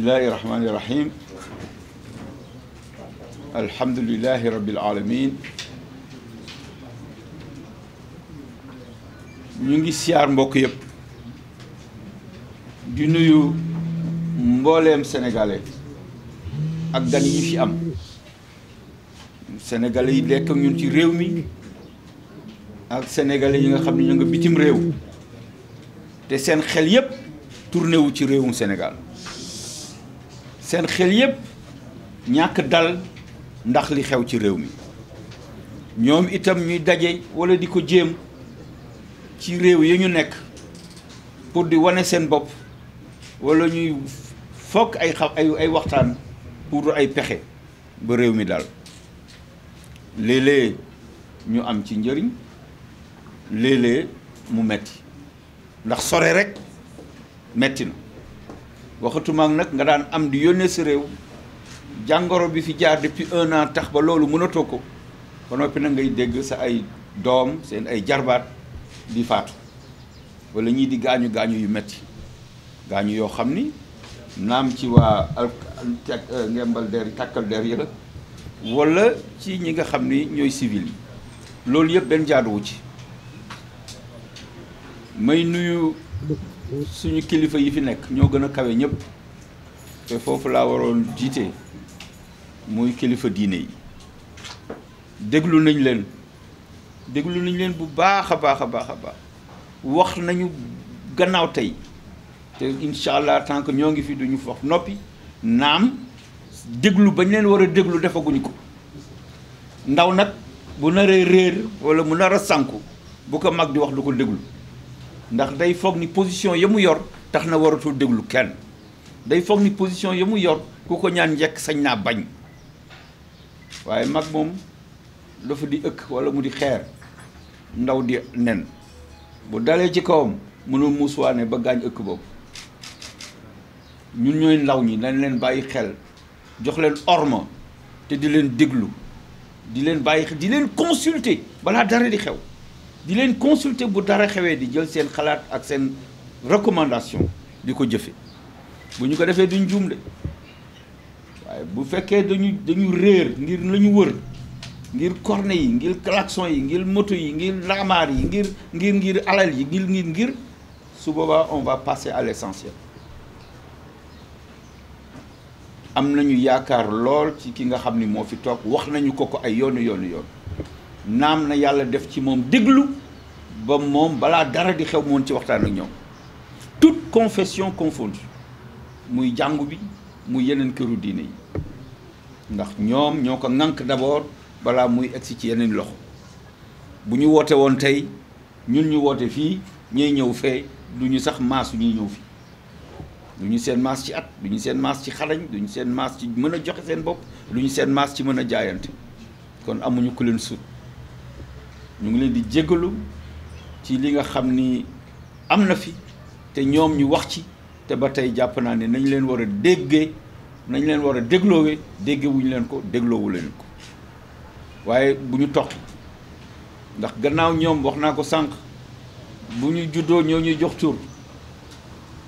الله الرحمن الرحيم الحمد لله رب العالمين ñu ngi siyaar mbokk yëpp di nuyu mbooleem sénégalais ak gan yi fi am sénégalais yi lekk ñun ci réew mi ak sénégalais yi nga xam ne ñu nga bitim réew te seen xel yëpp tourné ci réew mu Sénégal seen xel yépp ñàkk dal ndax li xew ci réew mi ñoom itam ñuy daje walla di ko jéem ci réew yi ñu nekk pour di wane seen bopp walla ñuy fokk ay xaw ay waxtaan pour ay pexe ba réew mi daal léeg-léeg ñu am ci njëriñ léeg-léeg mu metti ndax sore rekk metti na waxatuma ak nag nga daan am di yónnee sa réew jàngoro bi fi jaar depuis un an tax ba loolu mënatoo ko ba noppi nag ngay dégg sa ay doom seen ay jarbaat di faatu wala ñii di gaañu gaañu yu metti gaañu yoo xam ni naam ci waa al euh, ngembal der yi la wala ci ñi nga xam ni ñooy civil yi loolu yëpp benn jaaduwu ci may nuyu suñu kilifa yi fi nekk ñoo gën a kawe ñëpp te foofu laa waroon jiite muy kilifa diine yi déglu nañ leen déglu nañ leen bu baax a baax a baax a baax wax nañu gannaaw tey te incha allah tant ñoo ngi fi duñu wax noppi naam déglu bañ leen war a déglu defaguñ ko ndaw nag bu naree a réer wala mu nar a sànku bu ko mag di wax du ko déglu ndax day foog ni position ya mu yor tax na waratul déglu kenn day foog ni position ya mu yor ku ko ñaan njëkk sañ naa bañ waaye mag moom dafa di ëkk walla mu di xeer ndaw di nen bu dalee ci kawam mënul muusuwaane ba gaañ ëkk boobu ñun ñooy ndaw ñi nañ leen bàyyi xel jox leen orma te di leen déglu di leen bàyyi xel di leen consulter balaa dara di xew di leen consulter bu dara xewee di jël seen xalaat ak seen recommandation di ko jëfe bu ñu ko defee duñ juum de waaye bu fekkee dañu dañu réer ngir la ñu wër ngir corne yi ngir klaxon yi ngir moto yi ngir laamaar yi ngir ngir ngir alal yi ngir ngir ngir su boobaa on va passer à l'essentiel am nañu yaakaar lool ci ki nga xam ni moo fi toog wax nañu ko ko ay yoonu yoonu yoon naam na yàlla def ci moom déglu ba moom balaa dara di xew moon ci waxtaan ak ñoom toute confession confondue muy jàngu bi muy yeneen këru diine yi ndax ñoom ñoo ko ŋànk d'abord balaa muy egsi ci yeneen loxo bu ñu woote woon tey ñun ñu woote fii ñooy ñëw fee du ñu sax maas ñuy ñëw fii du ñu seen maas ci at du ñu seen maas ci xarañ du ñu seen maas ci mën a joxe seen bopp du ñu seen maas ci mën a jaayante kon amuñu ku leen sut ñu ngi leen di jéggalu ci li nga xam ni am na fi te ñoom ñu wax ci te ba tey jàpp naa ne nañ leen war a déggee nañ leen war a dégloowee dégge wuñu leen ko dégloowu leen ko waaye bu ñu toqi ndax gannaaw ñoom wax naa ko sànq bu ñu juddoo ñoo ñuy jox tur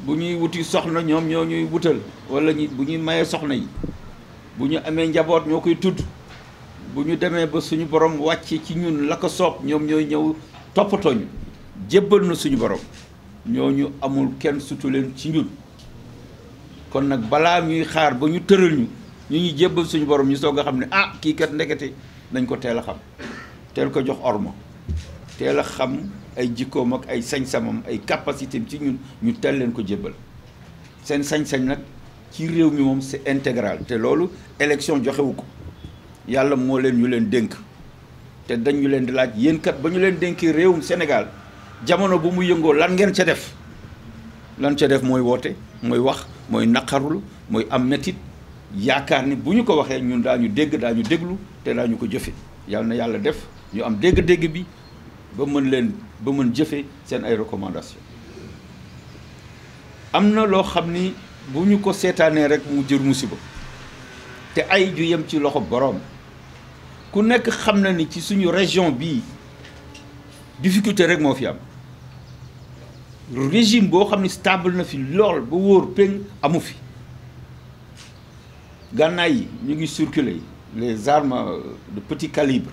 bu ñuy wuti soxna ñoom ñoo ñuy wutal wala ñi bu ñuy mayee soxna yi bu ñu amee njaboot ñoo koy tudd bu ñu demee ba suñu borom wàcce ci ñun la ko soob ñoom ñooy ñëw toppatoo ñu jébbal na suñu borom ñu amul kenn sutu leen ci ñun kon nag balaa ñuy xaar ba ñu tëral ñu ñu ñu jébbal suñu borom ñu soog nga xam ne ah kii kat ndekete nañ ko teel a xam teel ko jox ormo teel a xam ay jikkoom ak ay sañ-samam ay capacité ci ñun ñu teel leen ko jébbal seen sañ-sañ nag ci réew mi moom c'est intégral te loolu élection joxewu ko. yàlla moo leen ñu leen dénk te dañu leen di laaj yéen ba ñu leen dénkee réewum Sénégal jamono bu mu yëngoo lan ngeen ca def lan ca def mooy woote mooy wax mooy naqarul mooy am métit yaakaar ni bu ñu ko waxee ñun daañu dégg daañu déglu te ñu ko jëfe yàlla na yàlla def ñu am dégg-dégg bi ba mën leen ba mën jëfe seen ay recommandation am na loo xam ni bu ñu ko seetaanee rek mu jër musiba te ay ju yem ci loxo boroom ku nekk xam na ni ci suñu région bii difficulté rek moo fi am régime boo xam ne stable na fi lool ba wóor péng amu fi gànnaay yi ñu ngi circuler les armes de petit calibre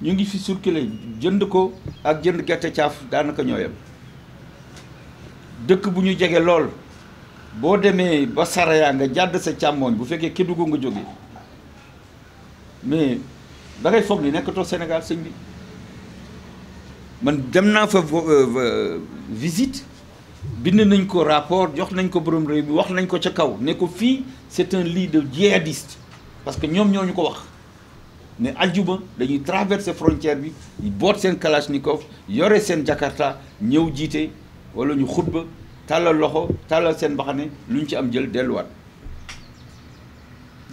ñu ngi fi circuler jënd ko ak jënd gerte caaf daanaka ñoo yem dëkk bu ñu jege lool boo demee ba Saraya nga jàdd sa càmmooñ bu fekkee Kédougou nga jógee mais da foog ni nekkatoo Sénégal sëñ bi man dem naa fa euh, euh, visite bind nañ ko rapport jox nañ ko borom réew bi wax nañ ko ca kaw ne ko fii c'est un lit de djihadiste parce que ñoom ñoo ñu ko wax ne ajjuma dañuy traverser frontière bi boot seen kalachnikov yore seen jakarta ñëw jiite wala ñu xutba tàllal loxo tàllal seen mbaxane lu ñu ci am jël delluwaat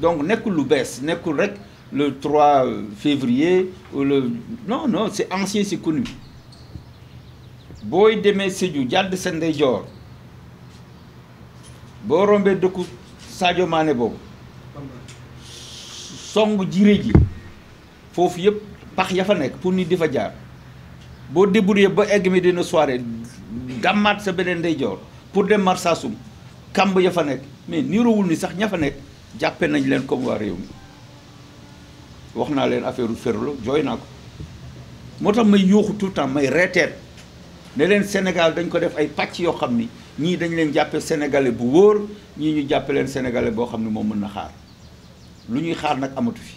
donc nekkul lu bees nekkul rek le 3 février ou le non non c'est ancien c'est connu booy demee Sédhiou jàdd sa ndeyjoor boo rombee dëkku Sadio boobu song jiré ji foofu yëpp pax ya fa nekk pour nit di fa jaar boo débrouillé ba egg mi dina soirée gàmmaat sa beneen ndeyjoor pour dem Marsassoum kàmb ya fa nekk mais niroowul ni sax ña fa nekk jàppe nañ leen comme waa réew mi wax naa leen affaire ferlo jooy naa ko moo tax may yuuxu tout le temps may reeteet ne leen Sénégal dañ ko def ay pàcc yoo xam ni ñii dañ leen jàppe sénégalais bu wóor ñii ñu jàppe leen sénégalais boo xam ne moom mën na xaar lu ñuy xaar nag amatu fi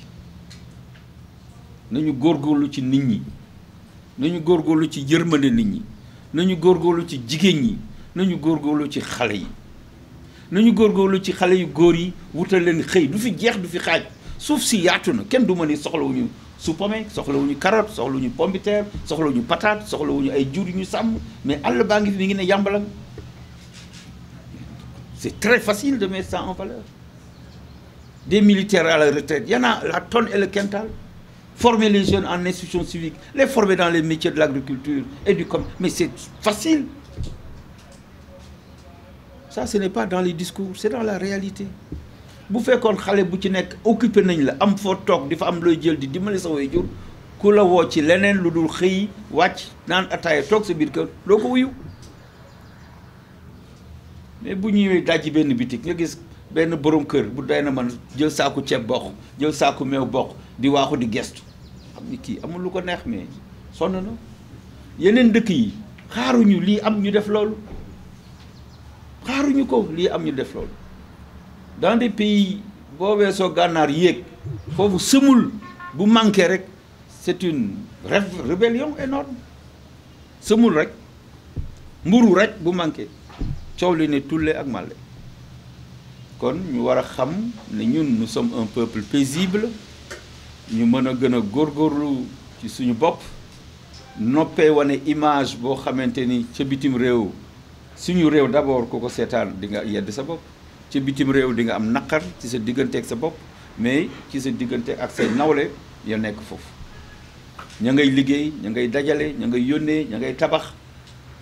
nañu góor góorlu ci nit ñi nañu góorgóorlu ci yërmande nit ñi nañu góorlu ci jigéen ñi nañu góorgóorlu ci xale yi nañu góorgóorlu ci xale yu góor yi wutal leen xëy du fi jeex du fi xaaj suuf si yaatu na kenn du ma ni soxlawuñu su pome soxlawuñu carotte soxlawuñu pomme de terre soxlawuñu patate soxlawuñu ay jur yu ñu sàmm mais àll baa ngi fi mi ngi ne yàmbalang c'est très facile de mettre ça en valeur des militaires à la retraite y en a la tonne et forme les jeunes en instruction civique, les former dans les métiers de l'agriculture et du commerce. Mais c'est facile. Ça, ce n'est pas dans les discours, c'est dans la réalité. bu fekkoon xale bu ci nekk occupé nañ la am foo toog di fa am looy jël di dimbali sa waajur ku la woo ci leneen lu dul xëy wàcc naan ataaya toog sa biir kër loo ko wuyu mais bu ñëwee dajji benn bitik nga gis benn borom kër bu day na man jël saaku ceeb bokk jël saaku meew bokk di waaxu di gestu xam ni kii amul lu ko neex mais sonn na yeneen dëkk yi xaaruñu lii am ñu def loolu xaaruñu ko lii am ñu def loolu dans des pays boo weesoo gànnaar yéeg foofu sëmul bu manqué rek c'est une rébellion énorme sëmul rek mburu rek bu manqué coow li ne tulle ak màlle kon ñu war a xam ne ñun nous sommes un peuple paisible ñu mën a gën a góor góorlu ci suñu bopp noppee wane image boo xamante ni ca bitim réew suñu réew d'abord ku ko seetaan di nga yedd sa bopp ca bitim réew di nga am naqar ci sa diggante ak sa bopp mais ci sa diggante ak say nawle ya nekk foofu ña ngay liggéey ña ngay dajale ña ngay yónnee ña ngay tabax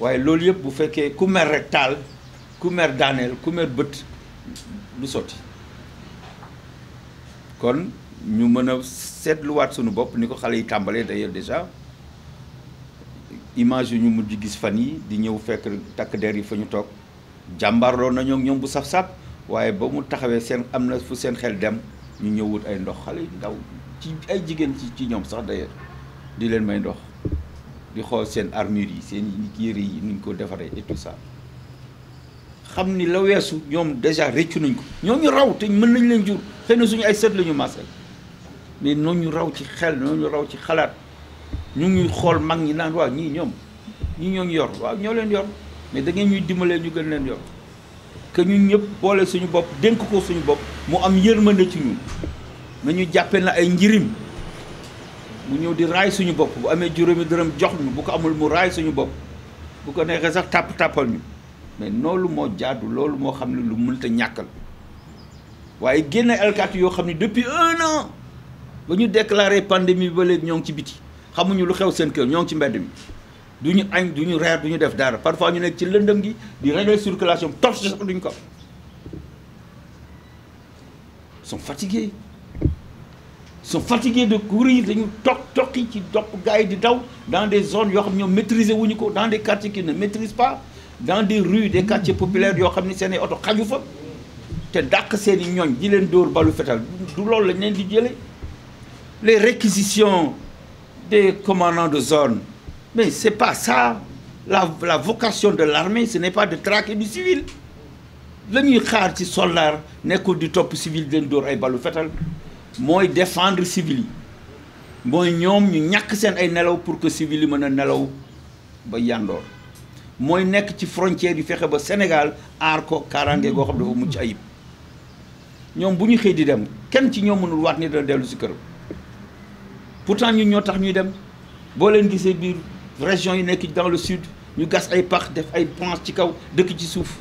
waaye loolu yëpp bu fekkee ku mer taal ku mer daaneel ku bët du sotti kon ñu mën a seetluwaat suñu bopp ni ko xale yi tàmbalee d'ailleurs déjà image yu ñu mujj gis fan yi di ñëw fekk takk der yi fa ñu toog jàmbaarloo nañoo ñoom bu saf-saf waaye ba mu taxawee seen am na fu seen xel dem ñu ñëw wut ay ndox xale yi ndaw ci ay jigéen ci ci ñoom sax d'ailleurs di leen may ndox di xool seen armure yi seen yére yi nuñ ko defaree et tout ça xam ni la weesu ñoom déjà réccu nañ ko ñoo ñu raw te mën nañ leen jur xëy na suñu ay sët la ñu maasal mais noonu ñu raw ci xel noonu ñu raw ci xalaat ñu ngi xool mag ñi naan waaw ñii ñoom ñii ñoo ngi yor waaw ñoo leen yor mais da ngeen ñuy dimbalee ñu gën leen yor que ñu ñëpp boole suñu bopp dénk ko suñu bopp mu am mën yërmande ci ñun ñu jàppee na ay njirim mu ñëw di raay suñu bopp bu amee juróomi gërëm jox ñu bu ko amul mu raay suñu bopp bu ko neexee sax tàpp tàppal ñu mais noolu moo jaadu loolu moo xam ne lu mënta ñàkkal waaye génne alkaati yoo xam ba ñu déclaré pandémie ba léegi ñoo ngi ci biti xamuñu lu xew seen kër ñoo ngi ci mbedd mi du ñu añ du ñu reer du ñu def dara parfois ñu nekk ci lëndëm gi di régler circulation torche sax duñ ko sont fatigués sont fatigués de courir dañu toq toqi ci dopp gars yi di daw dans des zone yoo xam ñoom maîtriser wuñu ko dans des quartiers qui ne pas dans des rues de quartiers populaires yoo xam ni seen i oto xaju fa te dàq seen i ñooñ di leen dóor balu fetal du loolu lañ leen di jëlee les réquisitions des commandants de zone. Mais ce pas ça. La, la vocation de l'armée, ce n'est pas de traquer du civil. la xaar ci soldat nekkul di topp civil de leen dóor ay balu fetal mooy défendre civil yi mooy ñoom ñu ñàkk seen ay nelaw pour que civil yi mën a nelaw ba yàndoor mooy nekk ci frontière yi fexe ba Sénégal aar ko kaaraange goo xam dafa mucc ayib ñoom bu ñu xëy di dem kenn ci ñoom mënul waat ni dana dellu si këram. pour pourtant ñun ñoo tax ñuy dem boo leen gisee biir région yi nekk dans le sud ñu gas ay pax def ay branche ci kaw dëkk ci suuf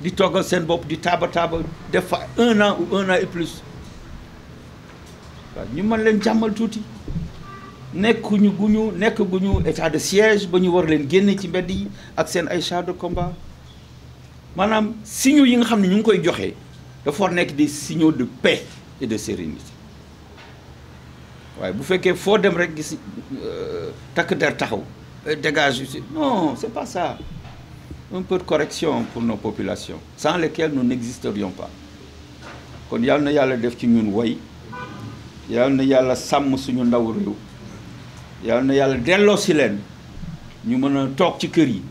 di toggal seen bopp di taaba taaba def fa un an ou un an et plus ñu mën leen jàmmal tuuti nekkuñu ñu nekk guñu état de siège ba ñu war leen génne ci mbedd yi ak seen ay chars de combat maanaam signaux yi nga xam ne ñu ngi koy joxee dafa war nekk des signaux de paix et de sérénité waaye bu fekkee foo dem rek gis euh, takk der taxaw euh, dégage si non c'est pas ça un peu de correction pour nos populations sans lesquelles nous n'existerions pas kon yal na yàlla def ci ñun woy yal na yàlla sàmm suñu ndaw réew yal na yàlla delloo si leen ñu mën a toog ci kër yi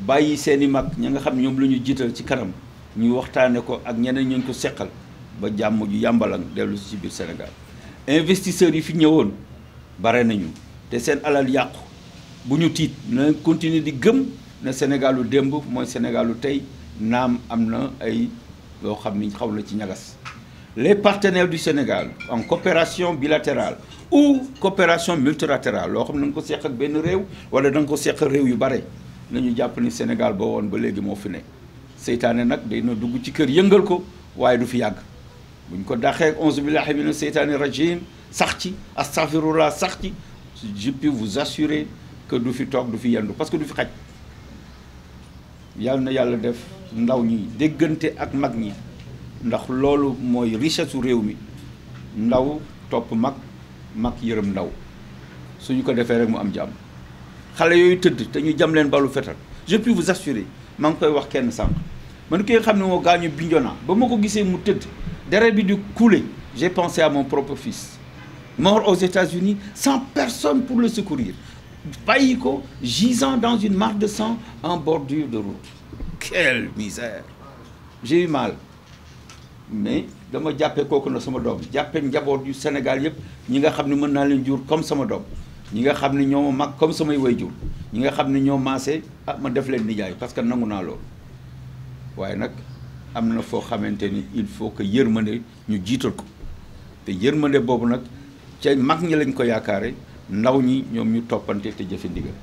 bàyyi seeni mag ñi nga xam ñoom la ñu jiital ci kanam ñu waxtaane ko ak ñeneen ñu ko seqal ba jàmm ju yàmbalang dellu si biir Sénégal investisseurs yi fi ñëwoon bare nañu te seen alal yàqu bu ñu tiit na continuer di gëm na Sénégalu démb mooy Sénégalu tey naam am na ay loo xam ni xaw na ci ñagas les partenaires du Sénégal en coopération bilatérale ou coopération multilatérale loo xam ne da nga ko seq ak benn réew wala da nga ko seq réew yu bare nañu jàpp ni Sénégal boo woon ba léegi moo fi ne seytaane nag day na dugg ci kër yëngal ko waaye du fi yàgg buñ ko daxee onze billahi mina seytaani rajim sax ci astafirullah sax ci je peux vous assurer que du fi toog du fi yendu parce que du fi xaj yàlla na yàlla def ndaw ñi déggante ak mag ñi ndax loolu mooy richesse su réew mi ndaw topp mag mag yërëm ndaw suñu ko defee rek mu am jàmm xale yooyu tëdd te ñu jam leen balu fetal je puis vous assurer maa ngi koy wax kenn sànq man ki nga xam ne moo gaañu Bignona ba ma ko gisee mu tëdd deret bi di couler j'ai pensé à mon propre fils mort aux États-Unis sans personne pour le secourir bàyyi ko gisant dans une mare de sang en bordure de route quelle misère j'ai eu mal mais dama jàppee kooku na sama doom jàppee njaboot yu Sénégal yëpp ñi nga xam ne mën naa leen jur comme sama doom ñi nga xam ne ñoo ma mag comme samay way jur ñi nga xam ne ñoo maase ah ma def leen nijaay parce que nangu naa loolu waaye nag am na foo xamante ni il faut que yërmande ñu jiital ko te yërmande boobu nag ca mag ñi lañ ko yaakaare ndaw ñi ñoom ñu toppante te jëfe ndigal